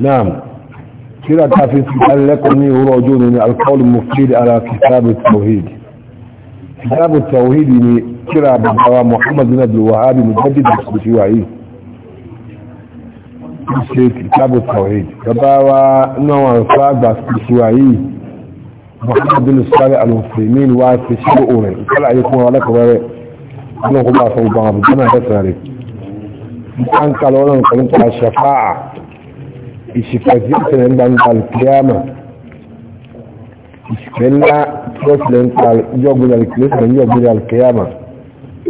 نعم كده تعرفين قال لكم ني وراجون القول المفيد على كتاب التوحيد كتاب التوحيد ني كده بابا محمد بن عبد الوهاب مجدد الشيوعي كتاب التوحيد بابا نوع صاحب الشيوعي محمد بن صالح المسلمين واسي شؤون قال عليكم ولك وري انا قبعه وبابا انا هسالك ان قالوا لهم كلمه الشفاعه ìṣìkàtí ìṣẹ̀lẹ̀ ń gbangba alkiyama ìṣìkàtí ńlá tí ó ṣẹlẹ̀ ń pa ìjọgbìn alkiyama ìjọgbìn alkiyama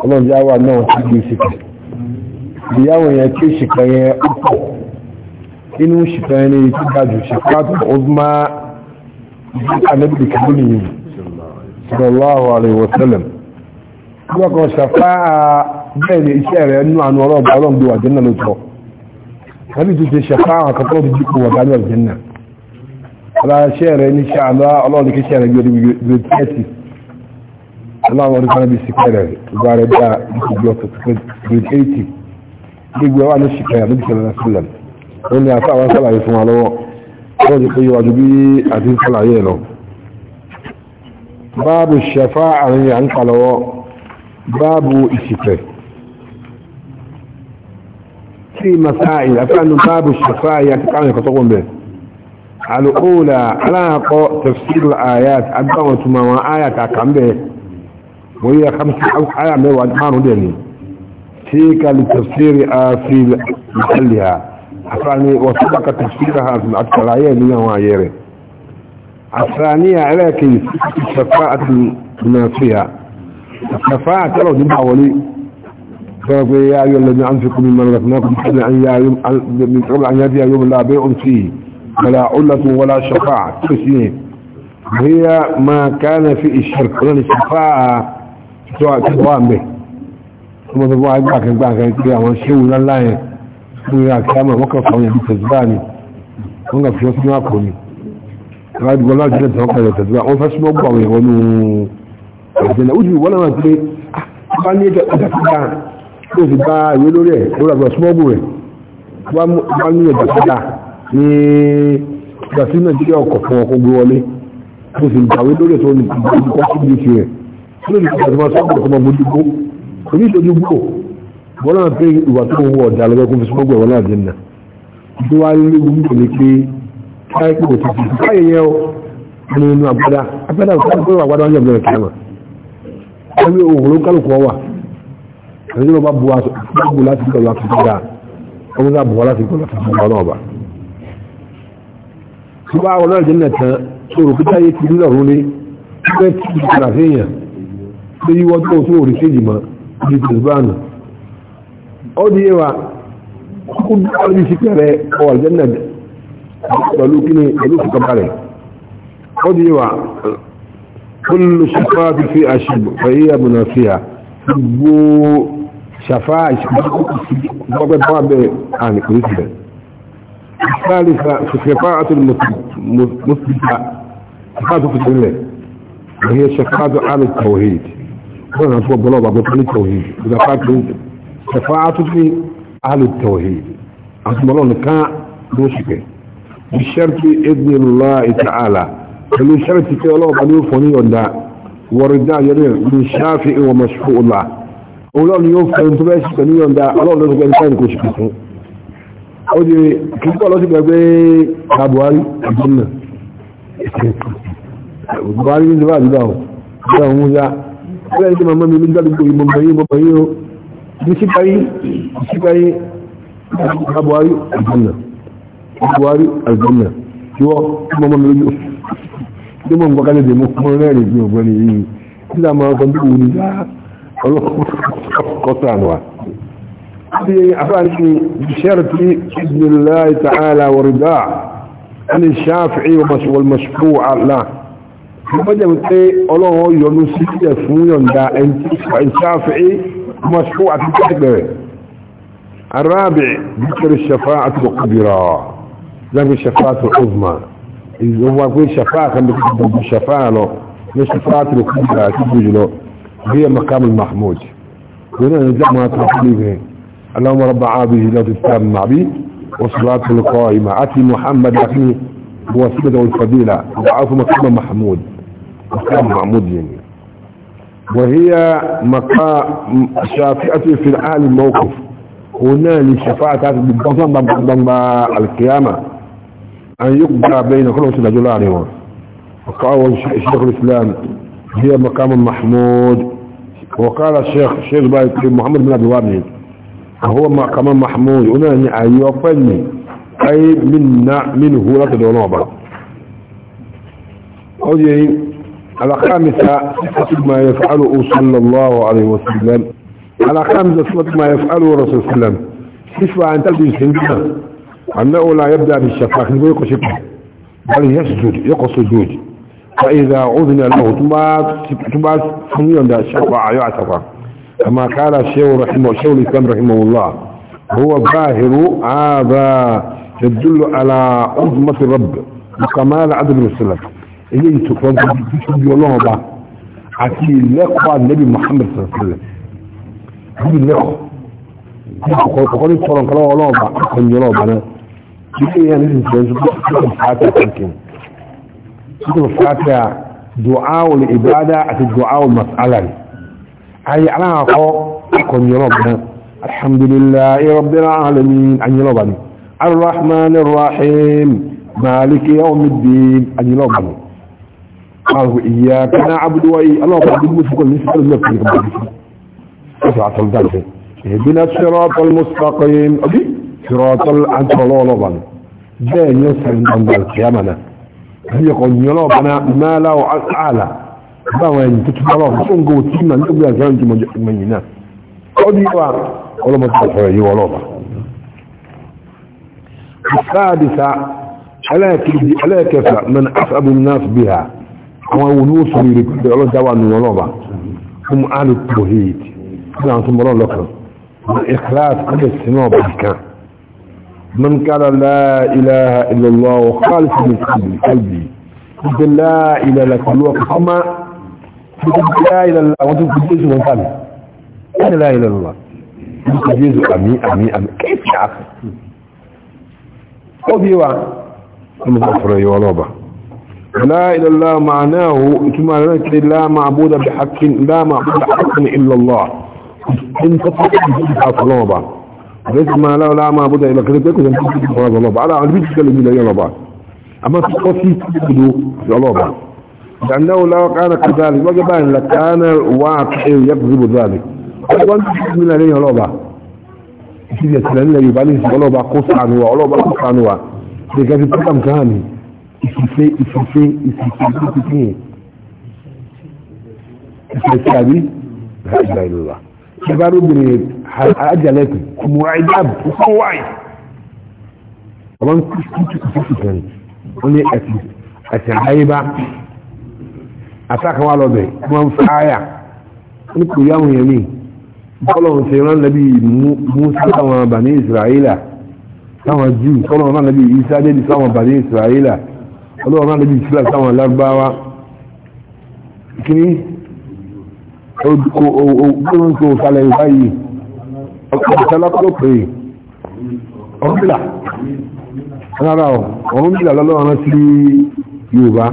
ọlọ́run já wà náà sí ibi ìṣìkà ìyáwó yẹn tí ìṣìkà yẹn ọkọ̀ inú ìṣìkà yẹn ní ti ga jù ṣìkà tó ó má ìṣìkà níbi ìkàbí nìyí sallallahu alaihi wa sallam wọ́n kan ṣàfáà bẹ́ẹ̀ ni iṣẹ́ rẹ̀ nú àánú ọlọ́run ọlọ́run bí wà jẹ́ náà lóòótọ́ kàbí tó ṣe ṣàfáà kàkọ́ tó jíkò wà gánú àjẹ́nà aláṣẹ́ rẹ̀ ní ṣàlá ọlọ́run kí ṣẹ́rẹ̀ gbé tẹ́ẹ̀tì aláwọ̀ rí fánàbí síkẹ̀rẹ̀ ìgbà rẹ̀ dá ìgbà ọ̀tọ̀ gbé tẹ́ẹ̀tì gbogbo ẹwà ní ṣìkẹ̀rẹ̀ lóbi ṣẹlẹ̀ sílẹ̀ wọ́n ni àfáà wọn sálàyé fún wa lọ́wọ́ wọ́n ti pé yíwájú bí àti sálàyé lọ báàbù ṣàfáà àrin à ń kà lọ́wọ́ báàbù ìṣìkẹ̀rẹ̀ في مسائل أفعل باب الشفاعة كان يكتبون به الأولى على تفسير الآيات أدوة ما آيات أكام به وهي خمس حوث آيات من وأدمان ديني تلك لتفسير في محلها أفعني وسبق تفسيرها في الأكثرية من وعيره الثانية على كيف الشفاعة الناصية الشفاعة لو جمع وليه فيقول يا أيها الذين أنفقوا مما رزقناكم قبل أن قبل أن يأتي يوم لا بيع فيه ولا علة ولا شفاعة تسليم هي ما كان في الشرك ولا الشفاعة سواء تقوام به ثم تقوم على باك باك القيامة ولا لا لا يا كامل وقف عن الكذباني وقف شو اسمعكم قاعد يقول لا جنة وقف الكذبان وفاسمه بقوي ونو الجنة ولا ما تريد قال لي tó fi bá ìwé lórí ẹ̀ lórí àgbà smọ́gù rẹ̀ wọ́n ní ẹ̀jẹ̀ padà ní ìgbà sí nàìjíríà ọkọ̀ fún ọkọ̀ gbé wọlé tó fi gbàwé lórí ẹ̀ tó ní ìgbà sí ìgbésí rẹ̀ tó lè fi gbàgbà smọ́gù rẹ̀ kọ́ máa mójú gbó orí ìtọ́jú gbó wọ́n náà pé ìwà tó wọ ọ̀dà lọ́wọ́ kó fi smọ́gù rẹ̀ wọ́n náà dín náà tó wá lé wúlò ní pé káyọ̀ kò ti fi káyọ̀ yẹn o nínú àgbàdá àgbàdá òkú àgbàdá wọn yọ̀ ẹni ló bá bu aṣọ bu láti kọlu àtúntò dáa ọmọ náà bu wá láti kọlu àtúntò dáa náà bá. tó bá wọn náà jẹ́ nẹ̀tàn tó rò kíkà yé ti ní lọ́rùn ní pẹ́ tí kì í kàrà séèyàn tó yí wọ́n tó tó rí séèjì mọ́ ní tìlúbánù. ó di yé wa kó dáa ní sípẹ́ rẹ ọwọ́ àjẹ́ nẹ̀ pẹ̀lú kíni pẹ̀lú kíkọ́ba rẹ̀ ó di yé wa kó lóṣù fáfi fi àṣìbò fẹ́ yíyá mọ̀nà fìyà gbogbo شفاعة ضرب ضرب عن كريسة الثالثة شفاعة المثبتة شفاعة في الله وهي الشفاعة على التوحيد وانا نتوى بلوضة بطل التوحيد إذا قالت انت شفاعة في أهل التوحيد أسمى الله كان دوشك بشرط إذن الله تعالى فلو شرط كي الله بني فني ولا ورداء يريد من شافئ ومشفوء الله ọlọ́run yóò fẹ́ tó bẹ́ẹ̀ sí pẹ̀lú yọ̀nda ọlọ́run lọ́sí pẹ̀lú sáìkò sí pẹ̀lú ó di kíkọ́ lọ́sí pẹ̀lú Buhari àbúrúnà Buhari ní ìjọba àdúgbà ọ̀ bí àwọn múzá bẹ́ẹ̀ sí mamá mi ní gbádùgbò yìí mọ̀mọ̀ yìí mọ̀mọ̀ yìí ó ní síparí síparí Buhari àbúrúnà Buhari àbúrúnà tí wọ́n mọ̀mọ̀ mi lójú tí mọ̀ nǹkan kálẹ̀ dè mọ́ rẹ́rìn ní قصان واحد بإذن الله تعالى ورداء عن الشافعي والمشفوع له فبدأ من ايه الله ينسي يسمون دا انت الشافعي مشفوع تتكبر الرابع ذكر الشفاعة القبرى ذكر الشفاعة العظمى إذا هو يقول شفاعة كان بكتب الشفاعة له الشفاعة القبرى تبوج هي مقام المحمود هنا نجمع ما تحليه اللهم رب عابه لا تتام به وصلاة القائمة أتي محمد هو سيدة والفضيلة وعافه مقام محمود مقام محمود يعني وهي مقام شافئة في العالم الموقف هنا للشفاعة بالضم ضم القيامة أن يقضى بين كل رسول جلاله وقال شيخ الإسلام هي مقام محمود وقال الشيخ الشيخ بايكريم محمد بن عبد الوهاب هو مقام محمود هنا يعني ان يوفني اي منا منه لك دونوبا اوجي يعني على خامسة صفة ما يفعله صلى الله عليه وسلم على خامسة صفة ما يفعله رسول الله صلى الله عليه وسلم كيف أن تلبس أنه لا يبدأ بالشفاخ يقول يقصد بل يسجد يقصد سجود فإذا أذن له تبعث حميا دا شفاعة يعتفى كما قال الشيخ رحمه الشيخ الإسلام رحمه الله هو ظاهر هذا يدل على عظمة الرب وكمال عدد السلف إذا تفضل بشكل الله با عتي لقوى النبي محمد صلى الله عليه وسلم هذه لقوى فقال يتفرن كلام الله با أخوان الله بنا إليه يعني إنسان سبحانه وتعالى كتب الفاتحة دعاء العبادة أتي دعاء المسألة أي على أقوى أكون يربنا الحمد لله رب العالمين أن يربني الرحمن الرحيم مالك يوم الدين أن يربني قاله إياك نعبد وإي الله قد يمسك المسألة لك أسرع تلدرسي اهدنا الصراط المستقيم صراط الأنصر الله لبن ده يسر من القيامة هي قول يلو بنا ما لا أعلى بما ينتكب الله سنقو تيما نقبل أزانج مجمعينا قولي وعن قولوا مطلع حيوي ولوضع السادسة ألا كفى من أصعب الناس بها وونوس لكل الله دوان ولوضع هم أهل التوحيد نعم ثم الله لكم الإخلاص قد السنوب كان من قال لا إله إلا الله وخالف من قلبي قلبي قلت لا إله إلا كل وقما قلت لا إله إلا الله وانتم قديس من قلبي أنا لا إله إلا الله قديس أمي أمي أمي كيف يعقل قضي وعن المغفر يولوبة لا إله إلا الله معناه كما ذلك لا معبود بحق لا معبود بحق إلا الله إن تطلق بحق الله àbẹ́sì máa láwọ́lá máa bọ́dọ̀ ìlọ kẹrẹ pé kò sẹ́ni tó kọ́ lọ́lọ́bà ara àwọn bíjì tẹ́lẹ̀ mi lọ yọlọ́bà àmọ́ tó kọ́ sí ìdúró lọ́lọ́bà ìdánáwó láwọ́ kára kàdáàlì lọ́jọ́ báyìí la kára wá àkẹ́yọ̀ yẹ kùsùbù dáàlì wọ́n ti fi mílẹ̀ lẹ́yìn ọlọ́bà ìṣiṣẹ́ tẹ̀lẹ̀ nílẹ̀ yorùbá ní ìṣiṣẹ́ ọlọ́bà kó sànùwà ọlọ́bà kó sànùwà gẹ́gẹ́ bí program kan ní ìṣiṣẹ́ ìṣiṣẹ́ ìṣiṣẹ́ ìṣiṣẹ́ ìṣiṣẹ́ àbí ìṣiṣẹ́ ìṣiṣẹ́ ajalẹ́kù ọmọ àìdáàbò fún wáyé ọmọ ń kí kí kí wọ́n ní ẹ̀sẹ̀ àyíbá àtàkàwà lọ́bẹ̀ wọ́n ń fáyà ní kò yá wọn yẹn ní bọ́lọ̀hún ṣe rán lẹ́bí Musa sáwọn bàní Israẹ́lá sáwọn Júù bọ́lọ̀hún rán lẹ́bí Isa dédì sáwọn bàní Israẹ́lá bọ́lọ̀hún rán lẹ́bí Islam sáwọn ọkọ̀ọ̀tẹ́lápọ̀lọpọ̀ ọ̀rúnbìlà rárá ọ̀ ọ̀rúnbìlà lọ́lọ́rọ̀ sí Yorùbá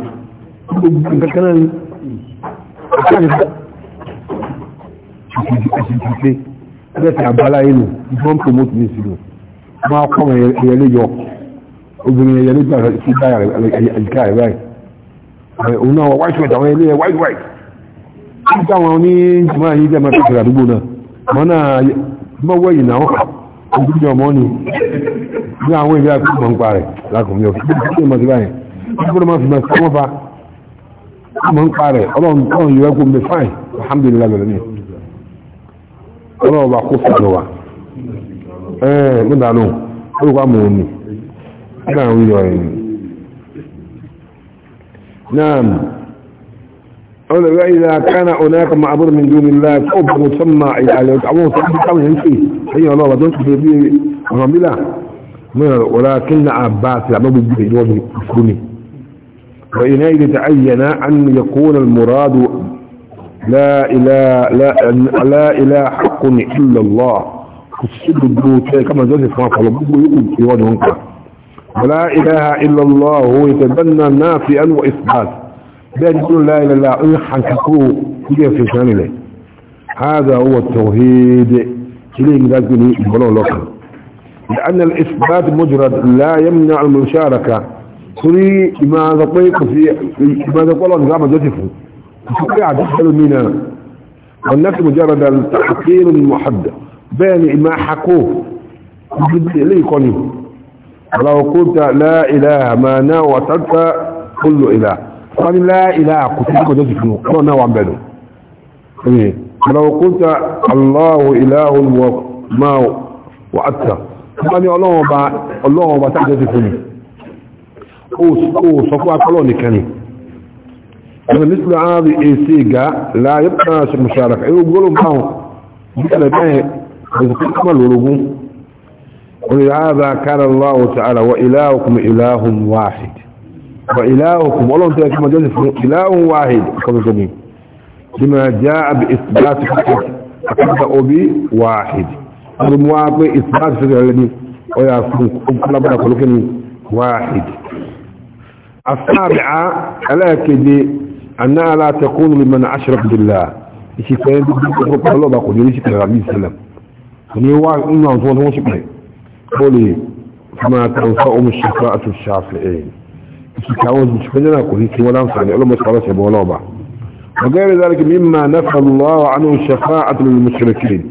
ẹgbẹ́sẹ̀ àbálá inú ìfọ́n promote ní ìsìnkú máa kọ́ ẹ̀yẹlé yọ obìnrin ẹ̀yẹlé gbà sí báyà àjíká rẹ̀ báyìí òun náà wọ́n white white àwọn ẹ̀yẹlé white white mọ́wọ́ yìí náà ọdúnjọ mọ́ ni bí àwọn ìgbà tó mọ̀ ń pa rẹ̀ lákùnrin ọ̀fẹ́ tí ó mọ̀ sí báyìí ọdún mọ̀ sí mọ̀ sí mọ́fà mọ̀ ń pa rẹ̀ ọlọ́run tọ́run yóò kó mi fáìn alhamdulillah lọ́rọ̀ ni ọlọ́run bá kó fún wa ẹ̀ẹ́ mú dànù orúkọ àmọ̀ òní náà ń yọ ẹ̀yìn náà قال وإذا كان هناك معبود من دون الله فأب مسمى عليه وتعبون صحبه قوي ينسيه هي الله ودوك في بي رملا ولكن عباس لا يعبد به دون السني وإنئذ تعين أن يكون المراد لا إله لا, لا إله حق إلا الله السد الدوت كما زاد ما طلبوه يقول في وجهك ولا إله إلا الله هو يتبنى نافئا وإثباتا بين يقول لا إله إلا الله يحققوا كده في شان الله هذا هو التوحيد إليه قال يقولون لك لأن الإثبات مجرد لا يمنع المشاركة تري ما ذقيق في ما ذقوا الله نظام ذاتفه تقع يسأل منا والنفس مجرد التحقير المحدد بين ما حقوه لي قليل ولو قلت لا إله ما تلقى كل إله wọ́n ni láìlá àkùtù kò jẹ́ jù fún ọ̀rọ̀ náà wà bẹ̀rù ọ̀rọ̀kúta aláwọ̀ ìlàhùn máa wà áta wọ́n ni ọlọ́wọ̀n bá tàbí jù fún ó sọ fún akọ́lọ̀ nìkan ni ẹ̀rọ nítorí àárí èsì ìgá láyé وإلهكم والله انت لكم مجازف إله واحد كمسلمين لما جاء بإثبات فكرة أكبر أبي واحد هذا إثبات فكرة الذي ويصنكم كل بنا كلكم واحد السابعة ألا الأكد أنها لا تكون لمن أشرك بالله إيش كان يقول الله بقول ليش كان النبي السلام الله واحد إنه ونيوا هو أنتم شكرا قولي فما تنفعهم الشفاءة الشافعين ìtàwọn òṣìṣẹ́ náà kò ní kí wọ́n láǹfààní ọlọ́mọsọ̀rọ̀ ṣẹ̀bọ̀ ọlọ́ọ̀bà وغير ذلك مما نفى الله عنه الشفاعة للمشركين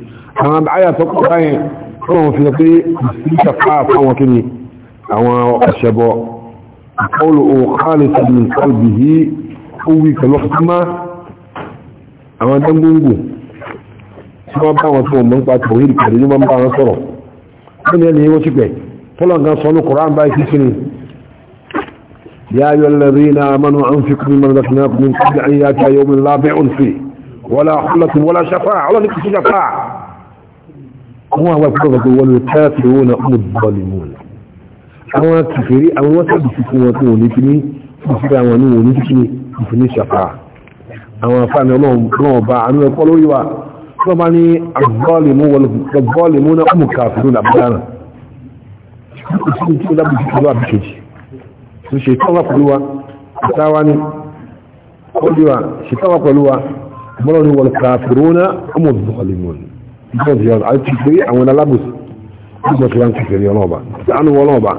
أما بآية تقول أي هو في ذلك شفاعة فهو كني أو الشباء قوله خالصا من قلبه هو كالوقت ما أما تنقنقو سواء بقى وصوه من قوة توهيد كريم من بقى نصره من يلي هو شكوه طلع قصة القرآن بقى في يا أيها الذين آمنوا أنفقوا مما رزقناكم من قبل أن يأتي يوم لا بيع فيه ولا خلة ولا شفاعة ولا نكس شفاعة هو هو الكفر والكافرون هم الظالمون أما كفري أما وسد سكوته ونكني فسر ونو ونكني فني شفاعة أما فان الله الله باعنوا يقولوا يوا طبعا الظالمون والظالمون هم الكافرون أبدانا شكرا لك شكرا لك so ṣètọ́wà pẹ̀lú wa àtàwà ní ọdíwà ṣètọ́wà pẹ̀lú wa mọ́lọ́ni wọn kàfìrónà ọmọ ìdúkọlìmọ̀n ìjọba yọ àti pé àwọn alábòsí ìjọba tí wọ́n ti fẹ̀rẹ̀ ọlọ́ọ̀bà sáánù ọlọ́ọ̀bà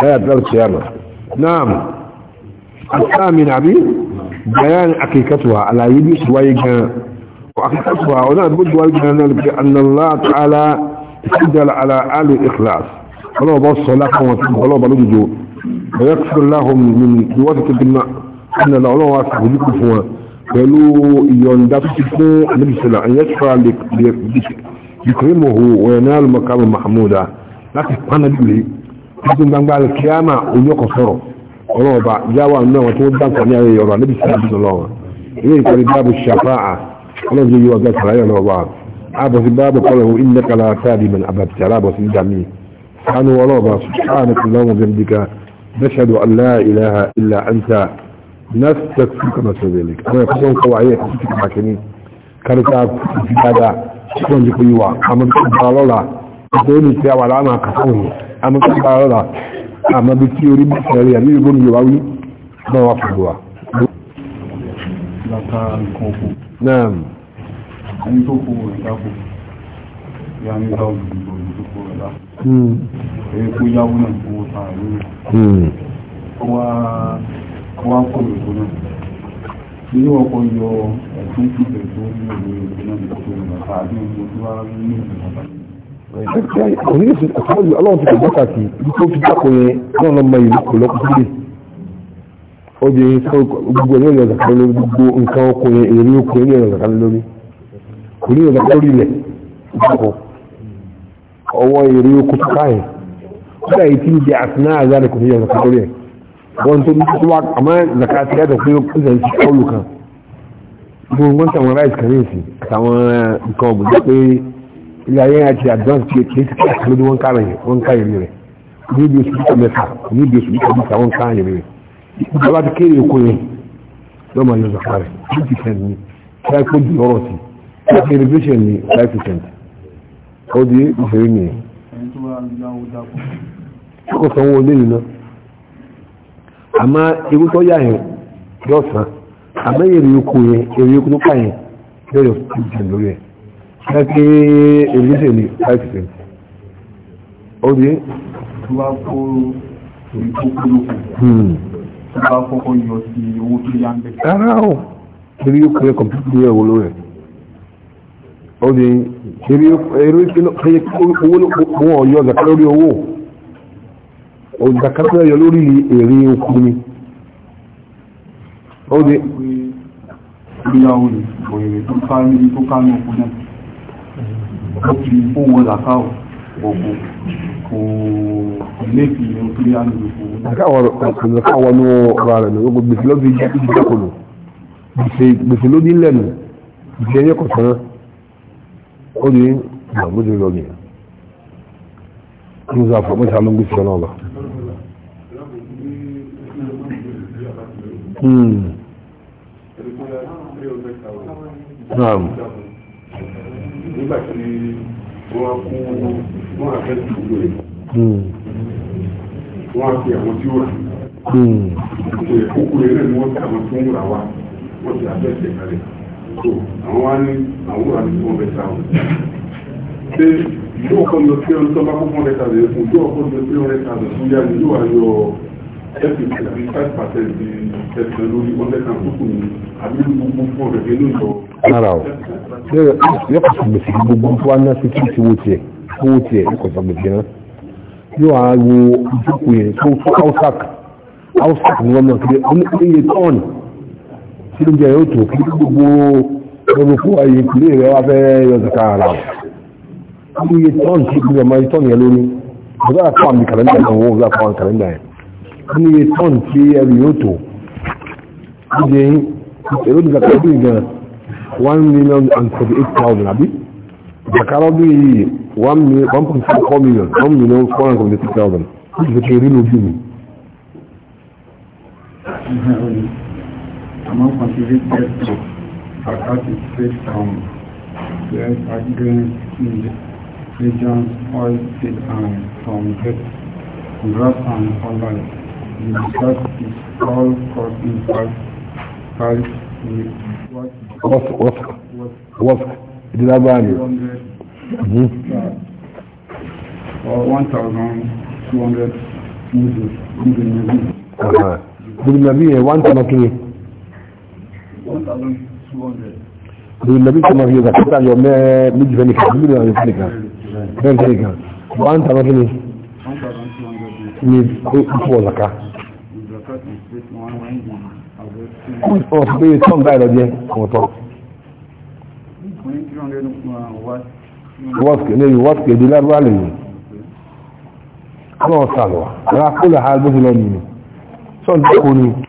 láyà bẹ́ẹ̀ tí a mọ̀ náà àtàmì nàbí bayan akẹ́kẹ́tùwà àlàyé bí ìṣúwáyé gan akẹ́kẹ́tùwà ọ̀nà àdúgbò wáyé gan náà lè annalá ta'ala ìṣẹ́jọ́ ala alù ikhlas ọlọ́ọ̀bà sọ lákàwọn ọlọ́ọ̀bà lójújó ويغفر لهم من بواسطة بالماء أن العلماء واسعه لكم فوا قالوا يندفقوا النبي صلى الله عليه وسلم يشفى يكرمه وينال مقام محمودا لكن أنا بلي يقول بان بعد القيامة ويقف صره ọlọ́wọ́ bá yáwà náà wọ́n tó dáńkọ̀ ní ayẹyẹ ọ̀rọ̀ níbi sílẹ̀ ìdúró lọ́wọ́ ilé ìkọ̀lẹ̀ báàbù ṣàfáà ọlọ́dún yíwọ́ bẹ́ẹ̀ sàlàyé ọ̀rọ̀ wa àbọ̀sí báàbù kọlọ̀ ohun ilẹ̀ kala نشهد أن لا إله إلا أنت نستكفيك ما ذلك أنا يقصون قواعية تسكيك معكنين كانت في هذا شكوان جيكو يوا أما بكبار الله أدوني تيا ولا أما كفوني أما بكبار الله أما بكيوري بكيوري أمي يقول يواوي ما وافقوا نعم أنتو يعني ta èkó hmm. yáwó náà kó ta lórí hmm. wá wá kó èkó náà nínú ọkọ̀ yọ ẹ̀fún pípẹ̀ tó ní ọ̀rọ̀ èkó náà ní ọjọ́ ìrọ̀lá àti ìgbò tó wá ní ìrọ̀lá oníṣẹ́ àtàwọn aláwọ̀ tó kọjá kàkì tó fi dákò yẹn náà lọ́mọ ìlú kò lọ́kùn sílẹ̀ ó di gbogbo ẹ̀rọ ìyọ̀ zàkàlẹ̀ lórí gbogbo nǹkan ọkùnrin èrè ọkùnrin ìyọ̀ zàkàlẹ̀ lórí kò ní ìyọ̀ zàkàlẹ̀ lórí ilẹ̀ ìdákọ̀ ọwọ́ èrè okú tó káyẹ̀ kúrò èyí tí ń jẹ àti náà zá lẹ́kùn yẹn zaka lórí ẹ̀ wọ́n tó ní tó wá àmọ́ zaka ti yàtọ̀ pé ó zẹ̀ sí ọlù kan gbogbo wọn tàwọn rice kan yìí sí àtàwọn eh, nǹkan ọ̀gbìn jẹ́ pé ilé ayé àti advance pé kì í ó di ìṣeré nìyẹn. kókò sanwó ilé yìí náà àmọ́ ewu tó yà yẹn yóò san àmọ́ èrè oko yẹn èrè oko tó kà yẹn yóò yọ fún ìjẹun lórí ẹ̀ ẹ pé èlé ṣe ní five percent ó di. tó bá kó èyí tó kó lóko hmm. bá kọ́kọ́ yọ sí owó tó yá ń bẹ̀. rárá o torí ó kéré kọ̀m̀pútà ní ẹ̀wọ̀ lórí ẹ̀ ọdí owó ọ̀yọ́ zaka lórí owó zaka tó yọ lórí èrè okú ni ọdí ìgbéyàwó ìwòyèrè tó kárí tó kárí okú náà ó fi owó zaka ògbò kò lè fi òkúrí àlùkò zaka wà ní ọ̀rọ̀ rẹ̀ lọ́gbọ̀ gbèsè lọ́dún ìjẹ́ ìjẹ́ kò lò gbèsè lódí lẹ́nu ìjẹ́ yẹ́kọ̀ọ́ ó ní ìgbàgbọ́dé lọ nìyẹn ní sàfà mọ́ta ló ń gbé sọ́nà ọba. Naam. Nígbà tí wọ́n kú wọ́n àfẹ́ ìdúró rẹ̀. Hmm. Wọ́n á fi àwọn tí ó rà. Hmm. Òkú rẹ̀ náà ni wọ́n fi àwọn tó ń rà wá. Wọ́n ti àfẹ́ ìdẹ̀kalẹ̀ tó àwọn á ní àwọn wúrà ní wọn bẹ ta wọn. ṣé ìlú ọkọ lọ sí ọdún tó bá kó fún ẹ̀ka rẹ̀ fún ìlú ọkọ lọ sí ọdún ẹ̀ka rẹ̀ fún yára yóò wá yọ ẹ̀sìn tàbí five percent di ẹ̀sìn lórí ọ̀dẹ́ kan tó ní àbí gbogbo fún ọ̀dẹ̀ nínú ìlọ. rárá o yóò kọsọ gbèsè gbogbo fún wa náà sí kí n ti wo tiẹ̀ owó tiẹ̀ yóò kọsọ gbèsè náà yóò á wo ìjókòó yẹn tó fún hausak ni wọ́n mọ̀ pé ó ní iye tọ́ọ̀nù kí ló jẹ yóò tó kí gbogbo gbogbo fún ayé ìpínlẹ̀ rẹ̀ wá fẹ́ yọ zaka ara wọn iye tọ́ọ̀nù sí ìpínlẹ̀ ọmọ ìtọ́ọ̀nù yẹn lórí ọ̀gá àpá àmì kàlẹ́ndà náà wọ́n ọ̀gá àpá àmì kàlẹ́ndà yẹn ní iye tọ́ọ̀nù sí ẹrù yóò tó ìdè èrò ní zaka ọdún gan one million and forty eight thousand àbí zaka ọdún yìí one point four million one million four hundred and seventy six thousand ó ti fi kéré lójú mi among considerate death are at its face down. There's against regions, oil, state, and from death, grass, and online. The research is all caught in fact, fact with what what what what did I value? Hmm? Or 1,200 users, using Nabi. Using Nabi, 1,000 lórí lẹ́bí tó máa fi yọ̀gà tó tàbí ọmọ méjì fẹ́ nìkan mílíọ̀nù àwọn ìfẹ́ nìkan bẹ́ẹ̀ nìkan nìkan wọ́n ń tàbí kí ni ní ìfọ̀ ọ̀làká. wọ́n sọ pé tọ́m báyìí lọ jẹ́ ọ̀tọ̀. wọ́ọ̀sì lè wọ́ọ̀sì èdè lárúbá lè yìí. kọ́nà ọ̀sà lọ rà kó lè ha gbóṣùlọ́ nìyí. sọ́ọ̀dì kò ní.